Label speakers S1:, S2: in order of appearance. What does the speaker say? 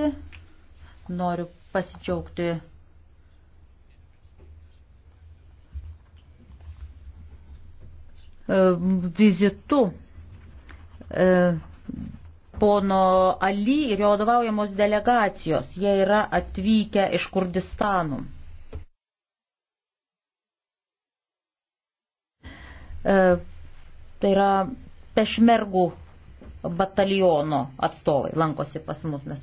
S1: balsuoti. Noriu pasidžiaugti e, vizitu e, pono Ali ir jo vadovaujamos delegacijos. Jie yra atvykę iš Kurdistanų. E, tai yra pešmergų bataliono atstovai lankosi pas mus. Mes